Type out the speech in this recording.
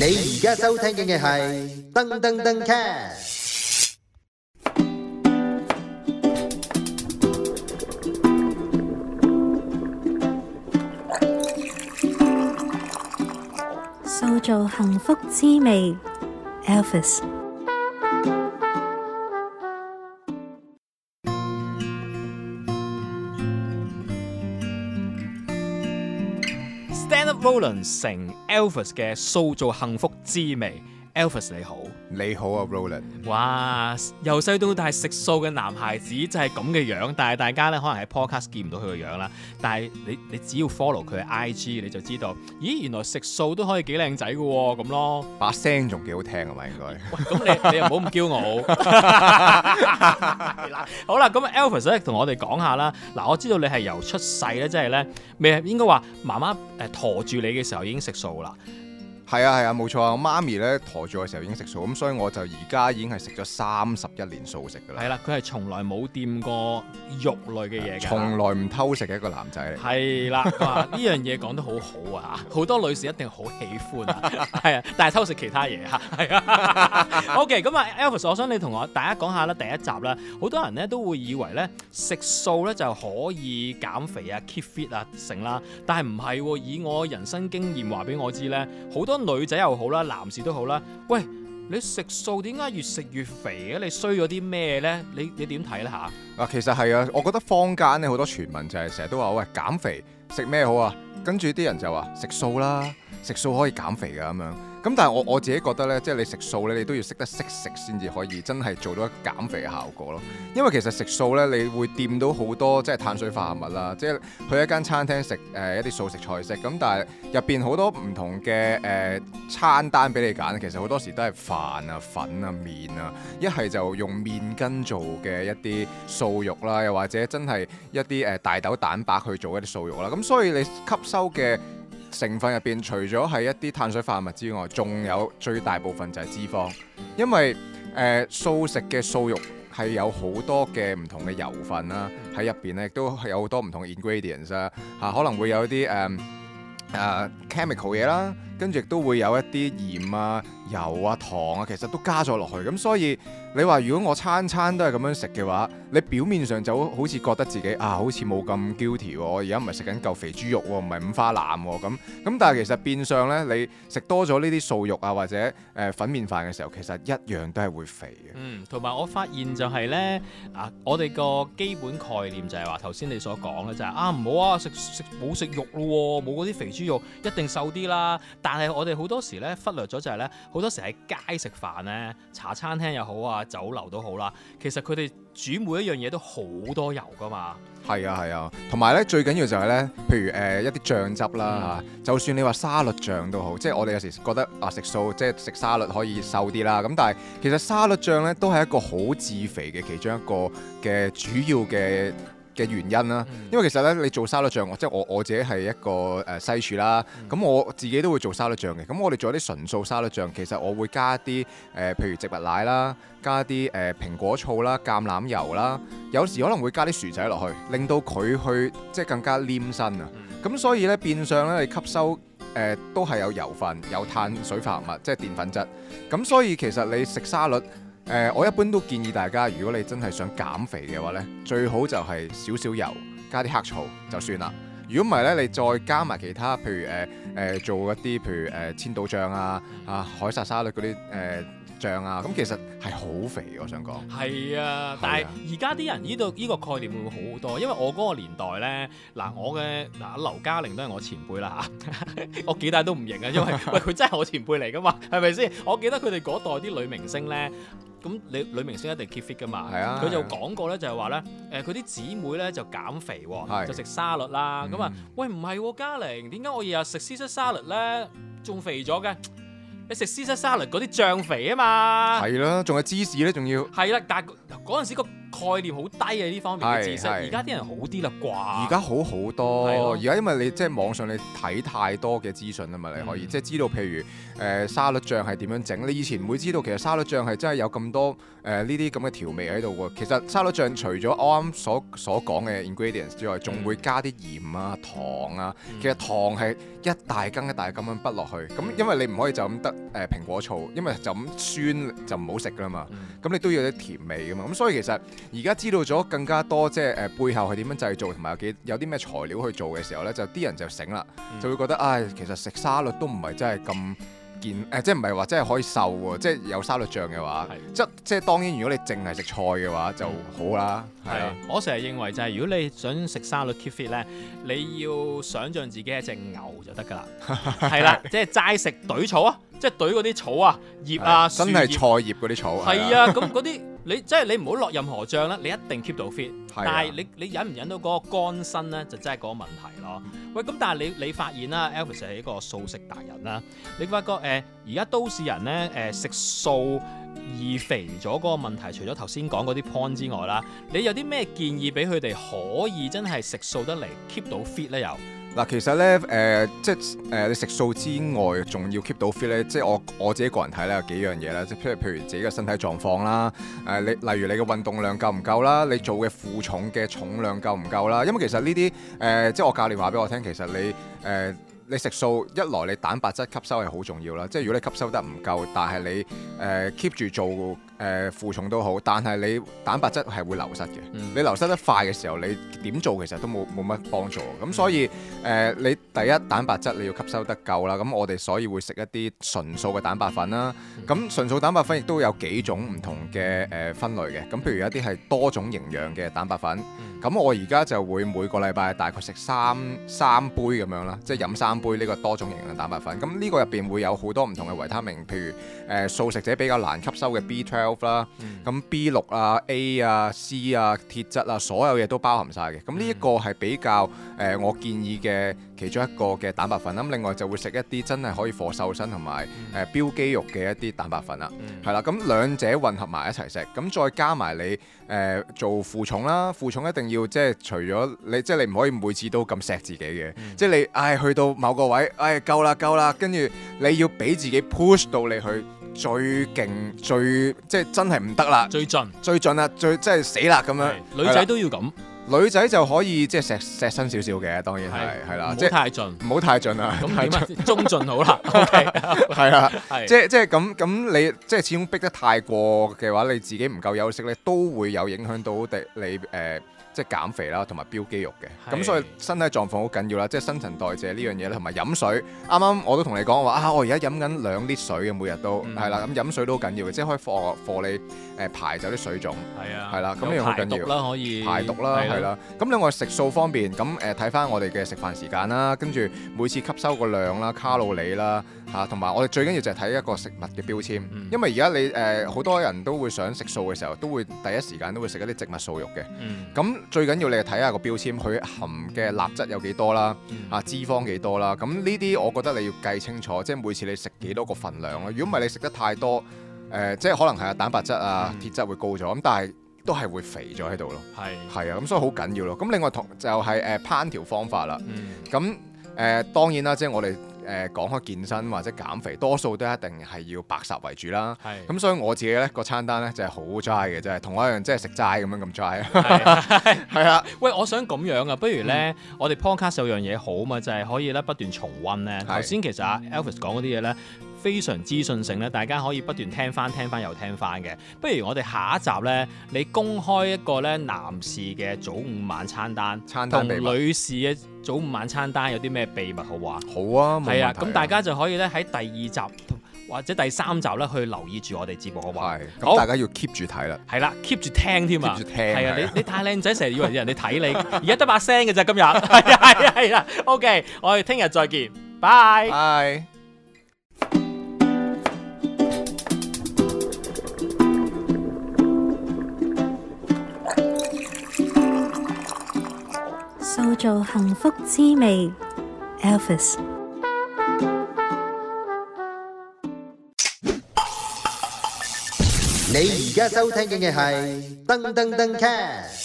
你而家收聽嘅係噔噔噔 cast，塑造幸福滋味，Elvis。討論成 Elvis 嘅塑造幸福滋味，Elvis 你好。你好啊，Roland。哇，由細到大食素嘅男孩子就係咁嘅樣，但係大家咧，可能喺 Podcast 見唔到佢個樣啦。但係你你只要 follow 佢嘅 IG，你就知道，咦，原來食素都可以幾靚仔噶喎，咁咯。把聲仲幾好聽係咪？應該。喂，咁你你又唔好咁驕傲。好啦，咁 Alfred 咧，同我哋講下啦。嗱，我知道你係由出世咧，即係咧未應該話媽媽誒馱住你嘅時候已經食素啦。係啊係啊，冇、啊、錯啊！我媽咪咧陀住我嘅時候已經食素，咁所以我就而家已經係食咗三十一年素食㗎喇。係啦、啊，佢係從來冇掂過肉類嘅嘢。從來唔偷食嘅一個男仔嚟。係啦、啊，哇！呢 樣嘢講得好好啊，好多女士一定好喜歡啊，係 啊，但係偷食其他嘢吓，係啊。OK，咁啊，Elvis， okay, 我想你同我大家講下啦，第一集啦，好多人咧都會以為咧食素咧就可以減肥啊、keep fit 啊成啦，但係唔係喎，以我人生經驗話俾我知咧，好多。女仔又好啦，男士都好啦。喂，你食素點解越食越肥嘅？你衰咗啲咩呢？你你點睇呢？吓？啊，其實係啊，我覺得坊間咧好多傳聞就係成日都話，喂，減肥，食咩好啊？跟住啲人就話食素啦，食素可以減肥㗎咁樣。咁但係我我自己覺得呢，即係你食素呢，你都要識得識食先至可以真係做到一個減肥嘅效果咯。因為其實食素呢，你會掂到好多即係碳水化合物啦。即係去一間餐廳食誒一啲素食菜式，咁但係入邊好多唔同嘅誒、呃、餐單俾你揀，其實好多時都係飯啊、粉啊、麵啊，一係就用麵筋做嘅一啲素肉啦，又或者真係一啲誒、呃、大豆蛋白去做一啲素肉啦。咁所以你吸收嘅成分入邊除咗係一啲碳水化合物之外，仲有最大部分就係脂肪，因為、呃、素食嘅素肉係有好多嘅唔同嘅油分啦，喺入邊咧亦都有好多唔同嘅 ingredients 啊，嚇可能會有啲誒、呃啊、chemical 嘢啦。跟住都會有一啲鹽啊、油啊、糖啊，其實都加咗落去。咁所以你話如果我餐餐都係咁樣食嘅話，你表面上就好似覺得自己啊，好似冇咁 guilty 喎。而家唔係食緊嚿肥豬肉喎、哦，唔係五花腩喎。咁咁，但係其實變相咧，你食多咗呢啲素肉啊，或者誒粉麵飯嘅時候，其實一樣都係會肥嘅。嗯，同埋我發現就係、是、咧啊，我哋個基本概念就係話頭先你所講嘅就係、是、啊唔好啊食食冇食肉咯、哦，冇嗰啲肥豬肉一定瘦啲啦。但係我哋好多時咧忽略咗就係咧，好多時喺街食飯咧，茶餐廳又好啊，酒樓都好啦。其實佢哋煮每一樣嘢都好多油㗎嘛。係啊係啊，同埋咧最緊要就係咧，譬如誒、呃、一啲醬汁啦，嗯、就算你話沙律醬都好，即係我哋有時覺得啊食素即係食沙律可以瘦啲啦。咁但係其實沙律醬咧都係一個好致肥嘅其中一個嘅主要嘅嘅原因啦，因為其實咧，你做沙律醬，即我即係我我自己係一個誒西廚啦，咁我自己都會做沙律醬嘅。咁我哋做啲純素沙律醬，其實我會加啲誒、呃，譬如植物奶啦，加啲誒、呃、蘋果醋啦、橄欖油啦，有時可能會加啲薯仔落去，令到佢去即係更加黏身啊。咁所以咧，變相咧，你吸收誒、呃、都係有油分、有碳水化合物，即係澱粉質。咁所以其實你食沙律。誒、呃，我一般都建議大家，如果你真係想減肥嘅話咧，最好就係少少油，加啲黑醋就算啦。如果唔係咧，你再加埋其他，譬如誒誒、呃、做一啲譬如誒、呃、千島醬啊、啊凱撒沙律嗰啲誒、呃樣啊，咁其實係好肥我想講。係啊，但係而家啲人呢度呢個概念會唔會好好多？因為我嗰個年代咧，嗱我嘅嗱劉嘉玲都係我前輩啦嚇， 我幾大都唔認啊，因為喂佢真係我前輩嚟噶嘛，係咪先？我記得佢哋嗰代啲女明星咧，咁你女，女明星一定 keep fit 噶嘛，係啊。佢就講過咧，就係話咧，誒佢啲姊妹咧就減肥喎，啊、就食沙律啦。咁啊，嗯、喂唔係喎嘉玲，點解我日日食西式沙律咧仲肥咗嘅？你食西式沙律嗰啲醬，肥嘛啊嘛，係囉，仲有芝士咧，仲要係啦、啊，但係嗰嗰陣時、嗰個概念好低啊！呢方面嘅知識，而家啲人好啲啦啩？而家好好多，而家、哦、因為你即係網上你睇太多嘅資訊啊嘛，你可以、嗯、即係知道，譬如誒、呃、沙律醬係點樣整？你以前唔會知道其、呃這這，其實沙律醬係真係有咁多誒呢啲咁嘅調味喺度。其實沙律醬除咗啱啱所所講嘅 ingredients 之外，仲會加啲鹽啊、糖啊。嗯、其實糖係一大羹一大咁樣畢落去，咁、嗯、因為你唔可以就咁得誒、呃、蘋果醋，因為就咁酸就唔好食噶啦嘛。咁、嗯嗯、你都要啲甜味噶嘛。咁所以其實。而家知道咗更加多即係誒、呃、背後係點樣製造，同埋有幾有啲咩材料去做嘅時候咧，就啲人就醒啦，嗯、就會覺得唉、哎，其實食沙律都唔係真係咁健，誒、呃、即係唔係話真係可以瘦喎，即係有沙律醬嘅話，的即即當然如果你淨係食菜嘅話就好啦。係，我成日認為就係如果你想食沙律 keep fit 咧，你要想像自己係隻牛就得㗎啦，係 啦， 即係齋食堆草啊！即係懟嗰啲草啊、葉啊、真對菜葉嗰啲草。啊，係啊、嗯，咁嗰啲你即係你唔好落任何醬啦，你一定 keep 到 fit。但係你你忍唔忍到嗰個乾身咧，就真係個問題咯。喂，咁但係你你發現啦 Elvis 係一個素食達人啦，你發覺誒而家都市人咧誒、呃、食素易肥咗嗰個問題，除咗頭先講嗰啲 point 之外啦，你有啲咩建議俾佢哋可以真係食素得嚟 keep 到 fit 咧又？嗱，其實咧，誒、呃，即係誒、呃，你食素之外，仲要 keep 到 fit 咧，即係我我自己個人睇咧，有幾樣嘢啦，即係譬如譬如自己嘅身體狀況啦，誒、呃，你例如你嘅運動量夠唔夠啦，你做嘅負重嘅重量夠唔夠啦，因為其實呢啲，誒、呃，即係我教練話俾我聽，其實你，誒、呃。你食素一來你蛋白質吸收係好重要啦，即係如果你吸收得唔夠，但係你誒 keep 住做誒負、呃、重都好，但係你蛋白質係會流失嘅。嗯、你流失得快嘅時候，你點做其實都冇冇乜幫助。咁所以誒、呃，你第一蛋白質你要吸收得夠啦。咁我哋所以會食一啲純素嘅蛋白粉啦。咁純素蛋白粉亦都有幾種唔同嘅誒分類嘅。咁譬如一啲係多種營養嘅蛋白粉。咁我而家就會每個禮拜大概食三三杯咁樣啦，即係飲三杯。背呢個多種營養蛋白粉，咁呢個入邊會有好多唔同嘅維他命，譬如誒、呃、素食者比較難吸收嘅 B12 啦、嗯，咁 B 六啊、A 啊、C 啊、鐵質啊，所有嘢都包含晒嘅。咁呢一個係比較誒、呃，我建議嘅。其中一個嘅蛋白粉，咁另外就會食一啲真係可以火瘦身同埋誒飆肌肉嘅一啲蛋白粉啦，係啦、嗯，咁兩者混合埋一齊食，咁再加埋你誒、呃、做負重啦，負重一定要即係除咗你，即、就、係、是、你唔可以每次都咁錫自己嘅，嗯、即係你唉、哎、去到某個位，唉、哎、夠啦夠啦，跟住你要俾自己 push 到你去最勁最即係真係唔得啦，最盡最盡啦，最即係死啦咁樣,樣，的女仔都要咁。女仔就可以即係錫錫身少少嘅，當然係係啦，即係唔好太盡，唔好太盡啦，咁點啊？盡中盡好啦，OK，係啦，即係即係咁咁，你即係始終逼得太過嘅話，你自己唔夠休息，咧，都會有影響到第你誒。呃即係減肥啦，同埋飆肌肉嘅，咁是所以身體狀況好緊要啦。即係新陳代謝呢樣嘢咧，同埋飲水。啱啱我都同你講話啊，我而家飲緊兩 lit 水嘅，啊，每日都係啦。咁、嗯、飲水都好緊要嘅，即先可以幫你誒排走啲水腫。係啊的，啦的，咁呢樣好緊要。啦，可以排毒啦，係啦的。咁另外食素方面，咁誒睇翻我哋嘅食飯時間啦，跟住每次吸收個量啦，卡路里啦嚇，同、啊、埋我哋最緊要就係睇一個食物嘅標籤，嗯、因為而家你誒好、呃、多人都會想食素嘅時候，都會第一時間都會食一啲植物素肉嘅。咁、嗯。嗯最緊要你睇下個標籤，佢含嘅鈉質有幾多啦，啊、嗯、脂肪幾多啦，咁呢啲我覺得你要計清楚，即係每次你食幾多個份量咯。如果唔係你食得太多，誒、呃、即係可能係啊蛋白質啊、嗯、鐵質會高咗，咁但係都係會肥咗喺度咯。係係是啊，咁所以好緊要咯。咁另外同就係誒烹調方法啦。咁誒、嗯呃、當然啦，即係我哋。誒講開健身或者減肥，多數都一定係要白食為主啦。咁是、嗯，所以我自己呢個餐單呢，就係好齋嘅，就係、是、同我一樣，即係食齋咁樣咁齋。係啊， 啊喂，我想咁樣啊，不如呢，嗯、我哋 Podcast 有樣嘢好嘛？就係、是、可以咧不斷重温呢。頭先是其實阿 Elvis 講嗰啲嘢呢，非常資訊性呢，大家可以不斷聽翻、聽翻又聽翻嘅。不如我哋下一集呢，你公開一個呢男士嘅早午晚餐單，餐單、同女士嘅。早午晚餐單有啲咩秘密好話？好啊，係啊，咁大家就可以咧喺第二集或者第三集咧去留意住我哋節目好話，咁大家要 keep 住睇啦。係啦，keep 住聽添啊，keep 住聽。係啊，你你太靚仔成日以為人哋睇你，而家得把聲嘅咋。今日係啊係啊係啊。OK，我哋聽日再見，拜拜。做幸福滋味，Elvis。你而家收聽嘅係噔噔噔 Cat。